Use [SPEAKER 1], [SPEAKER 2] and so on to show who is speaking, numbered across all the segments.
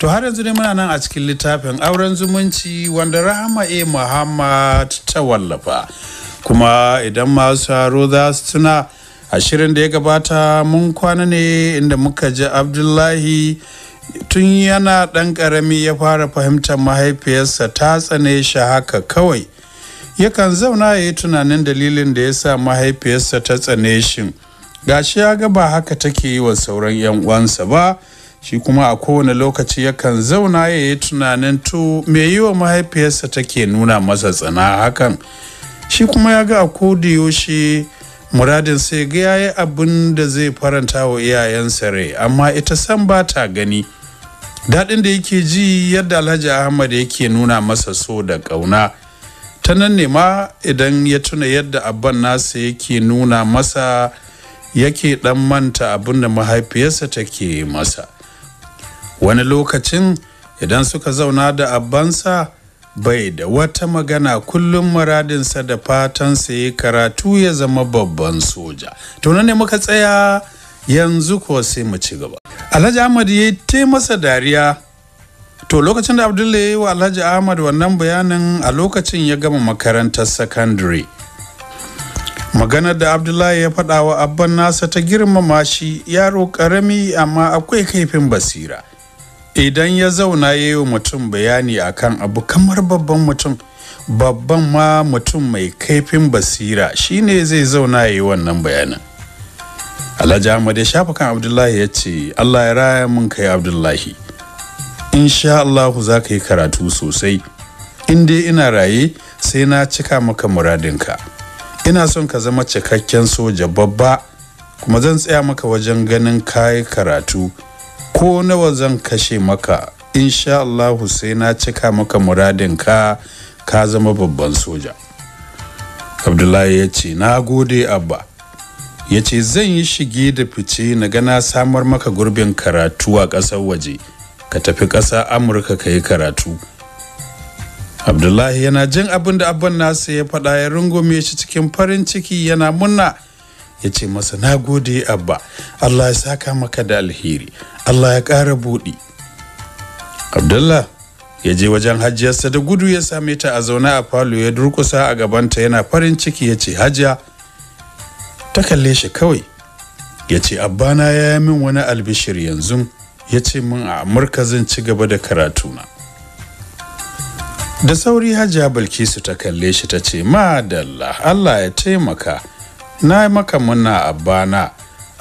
[SPEAKER 1] To har yanzu ne muna nan a cikin littafin auren zumunci wanda Rahama E. Muhammad ta wallafa. Kuma idan masu haro za su tuna ashirin da ya gabata mun kwana ne inda muka ji Abdullahi tun yana ɗan ƙarami ya fara fahimtar mahaifiyarsa ta tsane shi haka kawai. Yakan zauna ya yi tunanin dalilin da ya sa mahaifiyarsa ta tsane shi. Gashi ya ga ba haka take yi wa sauran 'yan uwansa ba. shi kuma a kowane lokaci yakan zauna ya yi tunanin tu me yi wa mahaifiyarsa take nuna masa tsana hakan shi kuma ya ga a yaushe muradin sai ga yayi abin da zai faranta wa iyayensa rai amma ita san ba ta gani daɗin da yake ji yadda alhaji ahmad yake nuna masa so da ƙauna ta nan ne ma idan ya tuna yadda abban nasa yake nuna masa yake ɗan manta abin da mahaifiyarsa take masa wani lokacin idan suka zauna da abbansa bai da wata magana kullum muradinsa da fatansa ya karatu ya zama babban soja tunan ne muka tsaya yanzu ko sai mu ci gaba alhaji ahmad ya yi masa dariya to lokacin da abdullahi ya yi wa alhaji ahmad wannan bayanin a lokacin ya gama makarantar secondary maganar da abdullahi ya faɗa wa abban nasa ta girmama shi yaro ƙarami amma akwai kaifin basira idan ya zauna ya yi mutum bayani akan abu kamar babban mutum babban ma mutum mai kaifin basira shine zai zauna ya yi wannan bayanin alhaji ahmad ya shafa kan abdullahi ya ce allah ya raya mun kai abdullahi insha allah za ka yi karatu sosai in dai ina raye sai na cika maka muradinka ina son ka zama cikakken soja babba kuma zan tsaya maka wajen ganin kayi karatu ko nawa zan kashe maka insha Allah sai na cika maka muradin ka ka zama babban soja abdullahi ya ce na gode abba ya ce zan yi shige da fice na gana samar maka gurbin karatu a ƙasar waje ka tafi ƙasa amurka ka yi karatu abdullahi yana jin abin da abban nasa ya faɗa ya rungume shi cikin farin ciki yana munna ya ce masa na gode abba allah ya saka maka da alheri Allah ya ƙara buɗi. Abdullah ya je wajen hajiyarsa da gudu ya same ta a zaune a falo ya durkusa a gabanta yana farin ciki ya ce hajiya ta kalle shi kawai ya ce abbana ya yi min wani albishir yanzu ya ce min a amurka zan ci gaba da karatuna da sauri hajiya bilkisu ta kalle shi ta ce madalla allah ya taimaka na maka muna abbana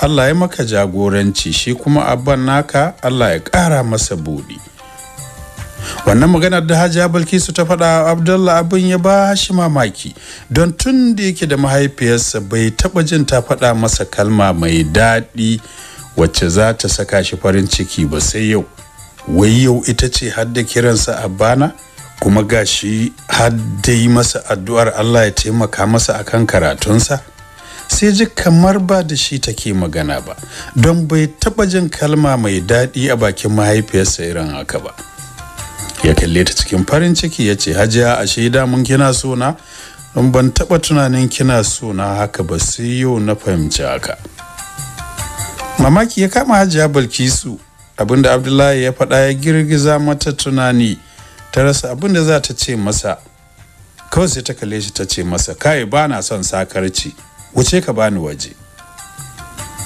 [SPEAKER 1] Allah ya maka jagoranci shi kuma abban naka Allah ya ƙara masa buɗi. Wannan maganar da Hajiya Bilkisu ta faɗa Abdullah abin ya ba shi mamaki don tun da yake da mahaifiyarsa bai taɓa jin ta faɗa masa kalma mai daɗi wacce za ta saka shi farin ciki ba sai yau. Wai yau ita ce har da kiransa bana? kuma gashi har yi masa addu'ar Allah ya taimaka masa akan karatunsa? sai ji kamar ba da shi take magana ba don bai taba jin kalma mai daɗi a bakin mahaifiyarsa irin haka ba ya kalle ta cikin farin ciki ya ce hajiya a shaida mun kina sona don ban taba tunanin kina sona haka ba sai yau na fahimci haka mamaki ya kama hajiya balkisu abinda abdullahi ya faɗa ya girgiza mata tunani ta rasa abinda za ta ce masa kawai sai ta kalle shi ta ce masa kai ba na son sakarci wuce ka bani waje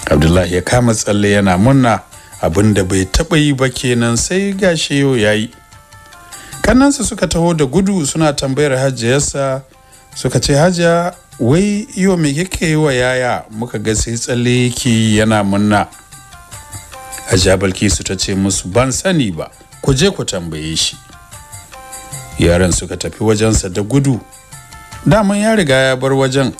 [SPEAKER 1] abdullahi ya kama tsalle yana munna abinda bai taɓa yi ba kenan sai gashi yau ya yi kannansa suka taho da gudu suna tambayar hajjiyarsa, suka ce hajja wai yau me kike yi wa yaya muka ga sai tsalle yake yana munna hajiya balkisu ta ce musu ban sani ba ku je ku tambaye shi yaran suka tafi wajensa da gudu daman ya riga ya bar wajen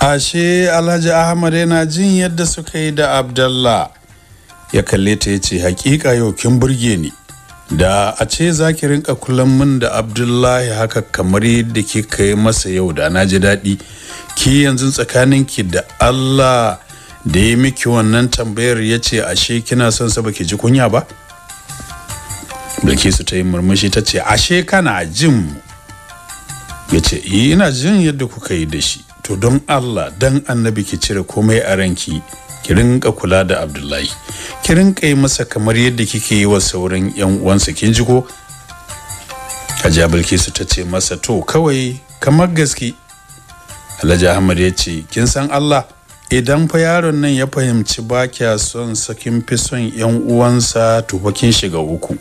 [SPEAKER 1] ashe alhaji ahmad yana jin yadda suka yi da abdallah ya kalle ta yace ce hakika yau kin burge ni da a ce za ki rinka kullum min da abdullahi haka kamar yadda ke kai masa yau da na ji daɗi ki yanzu tsakanin ki da allah da ya miki wannan tambayar ya ce ashe kina son sa baki ji kunya ba bilkisu ta yi murmushi ta ce ashe kana jin mu ya ce eh, ina jin yadda kuka yi da shi to don Allah dan annabi ki cire komai a ranki ki rinka kula da Abdullahi ki rinka yi masa kamar yadda kike yi wa sauran yan uwansa kin ji ko Hajiya Bilkisu ta ce masa to kawai kamar gaske Alhaji Ahmad ya ce kin san Allah idan fa yaron nan ya fahimci ba kya son sakin fi son yan uwansa to fa kin shiga uku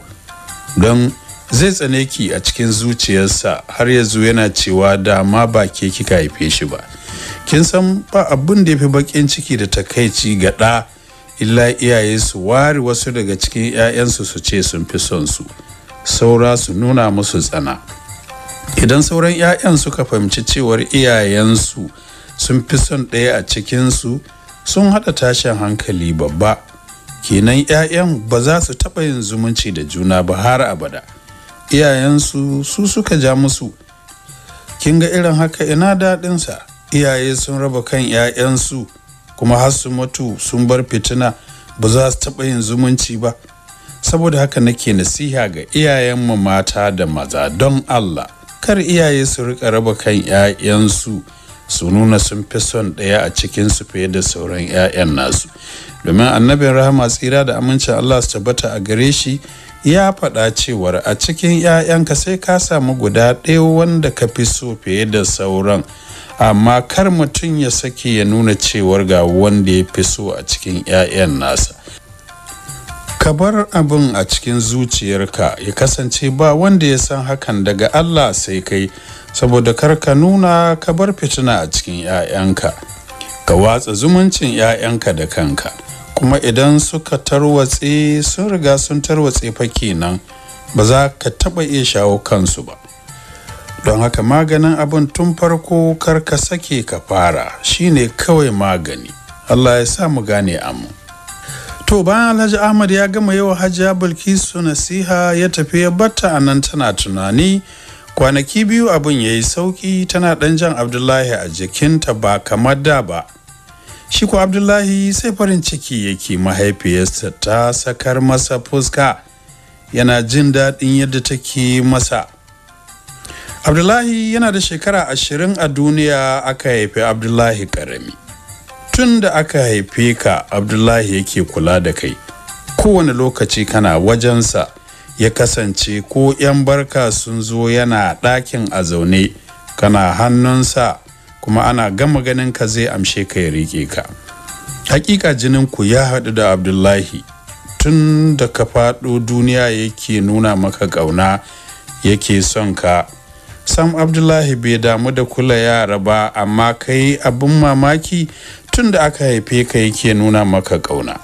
[SPEAKER 1] don zai tsane ki a cikin zuciyarsa har yanzu yana cewa da ma ba ke kika haife shi ba kin san ba abin da ya fi baƙin ciki da takaici ga ɗa illa iyaye su ware wasu daga cikin 'ya'yansu su ce sun fi son su saura su nuna musu tsana idan sauran 'ya'yan suka fahimci cewar iyayensu sun fi son ɗaya a cikinsu sun haɗa tashin hankali babba kenan 'ya'yan ba za su taɓa yin zumunci da juna ba har abada iyayensu su suka ja musu kin ga irin haka ina daɗinsa iyaye sun raba kan 'ya'yansu kuma har su mutu sun bar fitina ba za su taɓa yin zumunci ba saboda haka nake nasiha ga iyayenmu mata da maza don allah kar iyaye su rika raba kan 'ya'yansu su nuna sun fi son ɗaya a cikinsu fiye da sauran 'ya'yan nasu domin annabin rahama tsira da amincin allah su tabbata a gare shi ya faɗa cewar a cikin 'ya'yanka sai ka samu guda ɗaya wanda ka fi so fiye da sauran amma kar mutum ya sake ya nuna cewa ga wanda ya fi so a cikin 'ya'yan nasa ka bar abin a cikin zuciyarka ya kasance ba wanda ya san hakan daga allah sai kai saboda kar ka nuna ka bar fitina a cikin 'ya'yanka ka watsa zumuncin 'ya'yanka da kanka kuma idan suka tarwatse sun riga sun tarwatse fa kenan ba za ka taɓa iya shawo kansu ba don haka maganin abin tun farko kar ka sake ka fara shine kawai magani allah ya sa mu gane amu to bayan alhaji ahmad ya gama yawa hajiya bilkisu nasiha ya tafi ya batta a nan tana tunani kwanaki biyu abin ya yi sauki tana ɗan jan abdullahi a jikinta ba kamar da ba shi ko abdullahi sai farin ciki yake mahaifiyarsa ta sakar masa fuska yana jin daɗin yadda take masa abdullahi yana da shekara ashirin a duniya aka haifi abdullahi karami tun da aka haife ka abdullahi yake kula da kai kowane lokaci kana wajensa ya kasance ko 'yan barka sun zo yana ɗakin a zaune kana hannunsa kuma ana gama ganin ka zai amshe ka ya riƙe ka hakika jinin ku ya haɗu da abdullahi tun da ka faɗo duniya yake nuna maka ƙauna yake son ka sam abdullahi bai damu da kula yara ba amma kai abin mamaki tun da aka haife ka yake nuna maka kauna.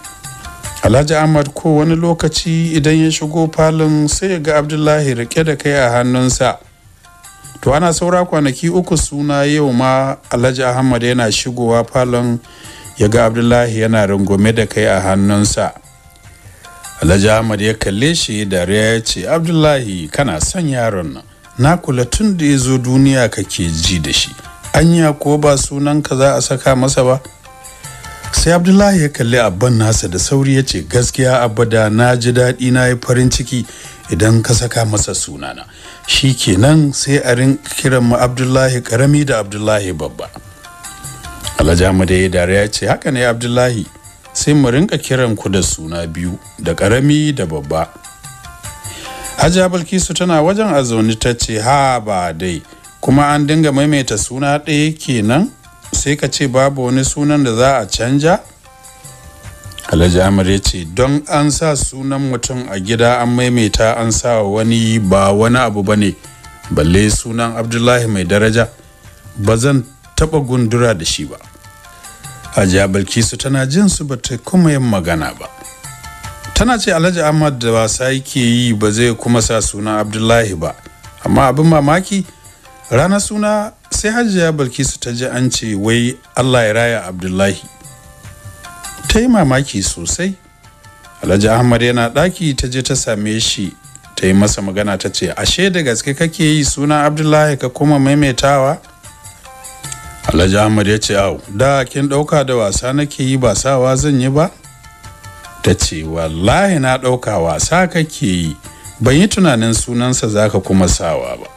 [SPEAKER 1] alhaji ahmad ko wani lokaci idan ya shigo falon sai ya ga abdullahi rike da kai a hannunsa to ana saura kwanaki uku suna yau ma alhaji ahmad yana shigowa falon ya ga abdullahi yana rungume da kai a hannunsa alhaji ahmad ya kalle shi da ya ce abdullahi kana son yaron nan na kula tun da ya zo duniya kake ji da shi anya ko ba sunan ka za a saka masa ba sai abdullahi ya kalli abban nasa da sauri ya ce gaskiya abada na ji daɗi na yi farin ciki idan ka saka masa sunana shi kenan sai a rin kiran mu abdullahi karami da abdullahi babba alhaji da ya dariya ya ce haka ne abdullahi sai mu rinka kiran ku da suna biyu da karami da babba hajiya bilkisu tana wajen a zaune ta ce ha ba dai kuma an dinga maimaita suna ɗaya kenan sai ka ce babu wani sunan da za a canja alhaji amir ya ce don an sa sunan mutum a gida an maimaita an sa wani ba wani abu ba ne balle sunan abdullahi mai daraja ba zan taɓa gundura da shi ba hajiya bilkisu tana jin su ba ta kuma yin magana ba tana ce alhaji ahmad da wasa yake yi ba zai kuma sa suna abdullahi ba amma abin mamaki ranar suna sai hajiya bilkisu ta ji an ce wai allah ya raya abdullahi ta yi mamaki sosai alhaji ahmad yana ɗaki ta je ta same shi ta yi masa magana ta ce ashe da gaske kake yi suna abdullahi ka kuma maimaitawa alhaji ahmad ya ce au da kin ɗauka da wasa nake yi ba sawa zan yi ba ta ce wallahi na ɗauka wasa kake yi ban yi tunanin sunansa zaka kuma sawa ba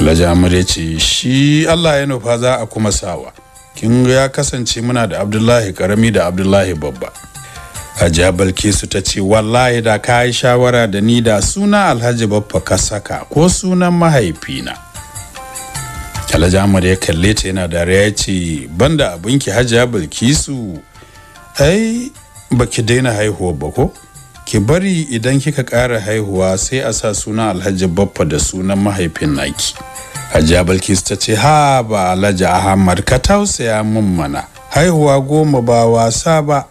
[SPEAKER 1] alhaji ya ce shi allah ya nufa za a kuma sawa kin ya kasance muna da abdullahi karami da abdullahi babba jabal balkisu ta ce wallahi da ka yi shawara da ni da suna alhaji babba ka saka ko sunan mahaifina alhaji ya kalle ta yana dariya ya ce banda abinki hajiya balkisu ai ba ki daina haihuwa ba ko ki bari idan kika ƙara haihuwa sai a sa suna alhaji baffa da sunan mahaifin naki hajiya balkis ta ce ha ba alhaji ahmad ka tausaya mun mana haihuwa goma ba wasa ba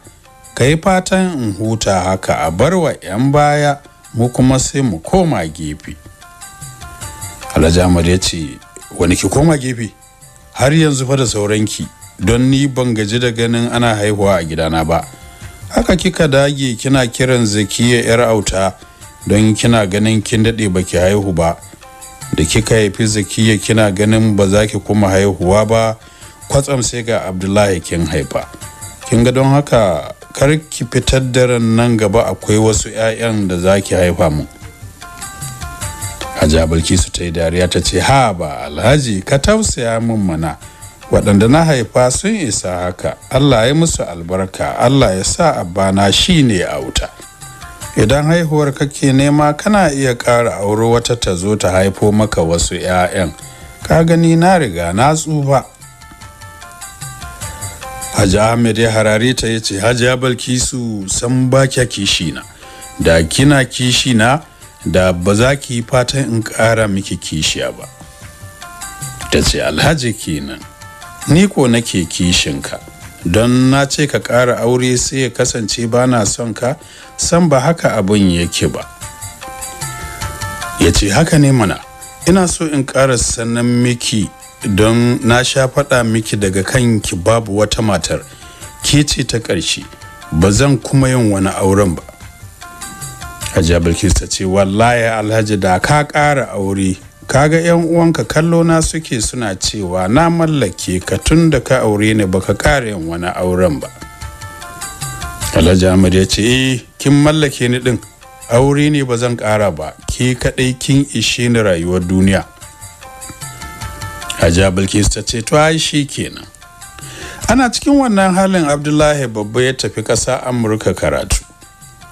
[SPEAKER 1] ka yi fatan in huta haka a barwa 'yan baya mu kuma sai mu koma gefe alhaji ahmad ya ce wani ki koma gefe har yanzu fa da sauranki don ni ban gaji da ganin ana haihuwa a gidana ba haka kika dage kina kiran zakiya yar auta don kina ganin kin daɗe baki haihu ba da kika haifi zakiya kina ganin ba za ki kuma haihuwa ba kwatsam sai ga abdullahi kin haifa kin ga don haka kar ki fitar da ran nan gaba akwai wasu 'ya'yan da za ki haifa mu hajiya su ta yi dariya ta ce ha ba alhaji ka tausaya min mana waɗanda na haifa sun isa haka allah ya musu albarka allah ya sa abana shi ne a wuta idan haihuwar kake nema kana iya ƙara auro wata ta zo ta haifo maka wasu 'ya'yan ka gani na riga na tsufa Haji Ahmed ya harare ta ya ce Hajiya Balkisu san ba kya kishina da kina kishina da ba za ki fatan in ƙara miki kishiya ba. Ta ce Alhaji kenan. ni ko nake ka don na ce ka ƙara aure sai ya kasance ba na son ka san ba haka abin yake ba ya ce haka ne mana ina so in ƙara sanan miki don na sha faɗa miki daga kanki babu wata matar ke ce ta ƙarshe ba zan kuma yin wani auren ba hajiya ce wallahi alhaji da ka ƙara aure kaga yan uwanka kallo na suke suna cewa na mallake ka tun da ka aure ni baka kare yin wani auren ba alhaji ahmad ya ce eh kin mallake ni din aure ne ba zan ƙara ba ke kaɗai kin ishe ni rayuwar duniya hajiya bilkis ta ce to ai shi kenan ana cikin wannan halin abdullahi babba ya tafi ƙasa amurka karatu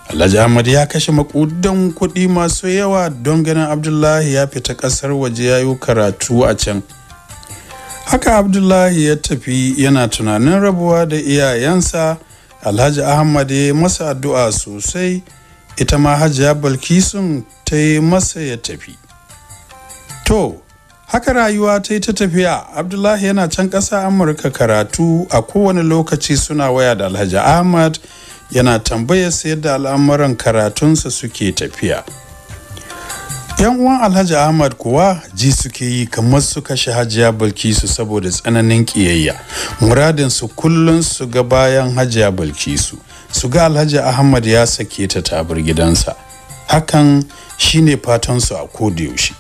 [SPEAKER 1] Alhaji Ahmad ya kashe makudan kuɗi masu yawa don ganin Abdullahi ya fita ƙasar waje ya yi karatu a can. Haka Abdullahi ya tafi yana tunanin rabuwa da iyayensa Alhaji Ahmad ya masa addu'a sosai ita ma Hajiya Balkisun ta yi masa ya tafi. To, haka rayuwa ta yi ta tafiya Abdullahi yana can ƙasa Amurka karatu a kowane lokaci suna waya da Alhaji Ahmad. yana tambayar su yadda al'amuran karatunsa suke tafiya yan uwan alhaji ahmad kuwa ji suke yi kamar su kashe hajiya bilkisu saboda tsananin kiyayya muradin su kullum su ga bayan hajiya bilkisu su ga alhaji ahmad ya sake ta tabar gidansa hakan shine su a koda yaushe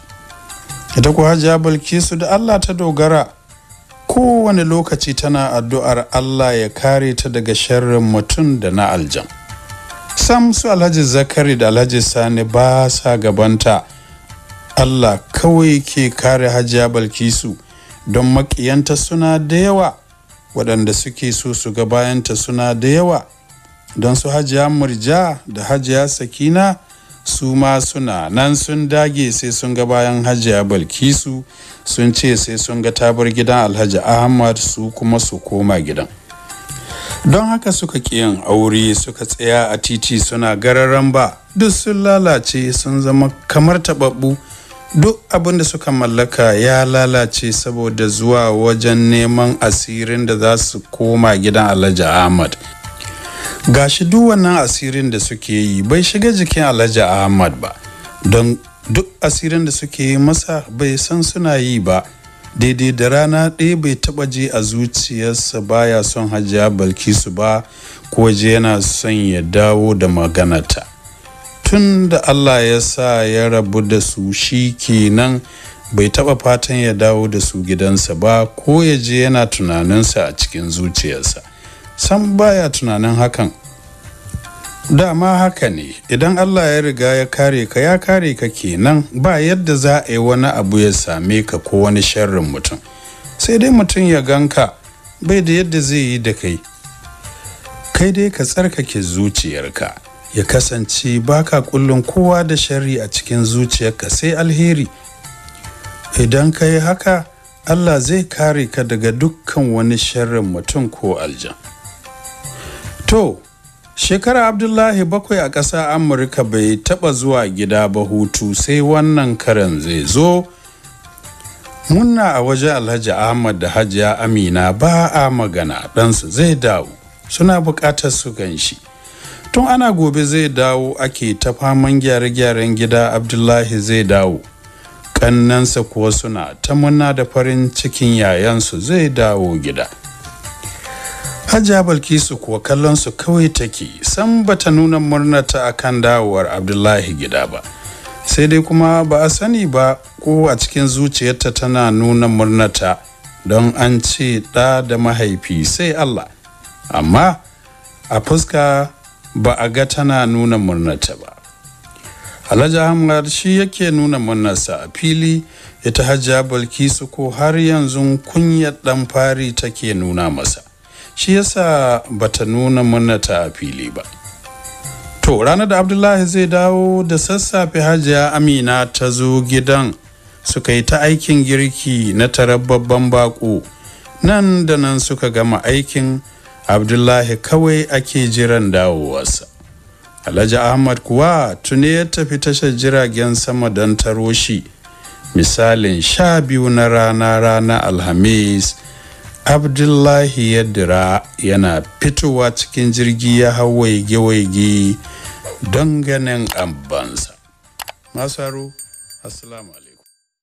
[SPEAKER 1] ita ku hajiya bilkisu da allah ta dogara kowane lokaci tana addu'ar Allah ya kare ta daga sharrin mutum da na aljan. Sam su Alhaji Zakari da Alhaji Sani ba sa gabanta. Allah kawai ke kare hajiya Balkisu don makiyanta suna da yawa waɗanda suke so su ga bayanta suna da yawa don su hajiya Murja da hajiya Sakina su ma suna nan sun dage sai sun ga bayan hajiya balkisu sun ce sai sun ga tabar gidan alhaji ahmad su kuma su koma gidan don haka suka yin aure suka tsaya a titi suna gararan ba duk sun lalace sun zama kamar taɓaɓɓu duk abin da suka mallaka ya lalace saboda zuwa wajen neman asirin da za su koma gidan alhaji ahmad gashi duk wannan asirin da suke yi bai shiga jikin alhaji ahmad ba don duk asirin da suke yi masa bai san suna yi ba daidai da rana ɗaya bai taɓa je a zuciyarsa baya son hajiya balkisu ba ko je yana son ya dawo da maganata tun da allah ya sa ya rabu da su shi kenan bai taɓa fatan ya dawo da su gidansa ba ko ya je yana tunaninsa a cikin zuciyarsa san baya tunanin hakan dama haka ne idan allah ya riga ya kare ka ya kare ka kenan ba yadda za a yi wani abu ya same ka ko wani sharrin mutum sai dai mutum ya ganka bai da yadda zai yi da kai kai dai ka tsarkake zuciyarka ya kasance baka kullum kowa da sharri a cikin zuciyarka sai alheri idan ka yi haka allah zai kare ka daga dukkan wani sharrin mutum ko aljan to shekara abdullahi bakwai a ƙasa amurka bai taɓa zuwa gida ba hutu sai wannan karan zai zo munna a waje alhaji ahmad da hajiya amina ba a magana ɗansu zai dawo suna buƙatar su ganshi. tun ana gobe zai dawo ake ta faman gyare-gyaren gida abdullahi zai dawo ƙannansa kuwa suna ta munna da farin cikin yayansu zai dawo gida hajja Balkisu kuwa kallon su kawai take san bata nuna murnata ta akan dawowar Abdullahi gida ba. Sai dai kuma ba a sani ba ko a cikin zuciyarta tana nuna murnata don an ce ɗa da mahaifi sai Allah. Amma a fuska ba a ga tana nuna murnata ba. Alhaji Ahmad shi yake nuna murnarsa a fili ita hajja Balkisu ko har yanzu kunyar ɗan fari take nuna masa. shi yasa bata nuna mana ta fili ba to ranar da abdullahi zai dawo da sassafe hajiya amina ta zo gidan suka yi ta aikin girki na tarar baƙo, nan da nan suka gama aikin abdullahi kawai ake jiran dawowarsa alhaji ahmad kuwa tuni ya tafi tashar jiragen sama don taro shi misalin sha biyu na rana rana alhamis abdullahi yadira yana fitowa cikin jirgi ya hau waige-waige don ganin ambansa masaru assalamu